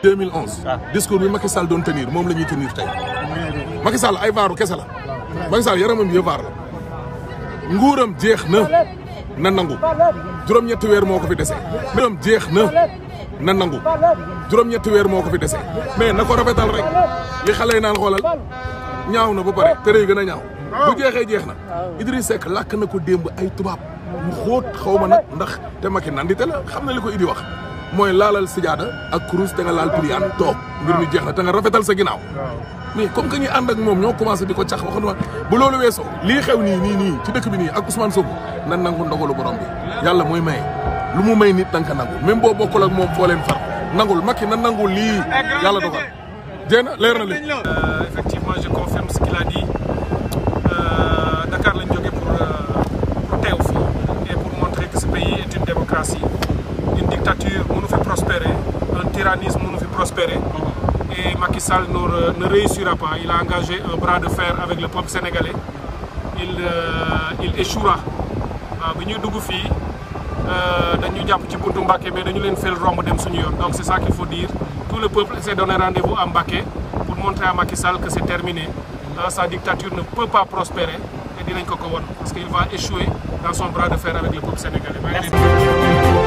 2011. waaw ah. discours bi Macky Sall doon tenir moom la ñuy tenir tey. Macky Sall ay vaaru kese la. Macky Sall yaramam yëpp vaar la. nguuram jeex na na nangu juróom-ñetti weer moo ko fi dese. nguuram jeex na na nangu juróom-ñetti weer moo ko fi dese. mais na ko rafetal rek li xale yi naan xoolal ñaaw na ba pare tere yi gën a ñaaw. bu jeexee jeex na. Idriss Seck lakk na ko démb ay tubaab mu xóot xaw ma nag ndax te Macky nandite la xam na li ko Idi wax. mooy laalal sijaada ak kuruus te nga laal pliant toog mbir mi jeex na ta nga rafetal sa ginaaw mais comme que ñuy ànd ak moom ñoo commencé di ko cax wax na bu loolu weesoo lii xew nii nii nii ci dëkk bi nii ak Ousmane Sonko nan nangu ndogalu borom bi yàlla mooy may lu mu may nit da nga ko nangu même boo bokkul ak moom foo leen far nangul Macky nan nangul lii yàlla dogal jéena leer na li euh, effectivement je confirme ce qu'il a dit euh, Dakar lañ jógee pour euh, pour teew fii prospérer, un tyrannisme nous fait prospérer. Mhm. Et Macky ne, réussira pas. Il a engagé un bras de fer avec le peuple sénégalais. Il, euh, il échouera. Euh, nous Donc c'est ça qu'il faut dire. Tout le peuple s'est donné rendez-vous à Mbaké pour montrer à Macky Sall que c'est terminé. sa dictature ne peut pas prospérer et dinañ ko parce qu'il va échouer dans son bras de fer avec le peuple sénégalais.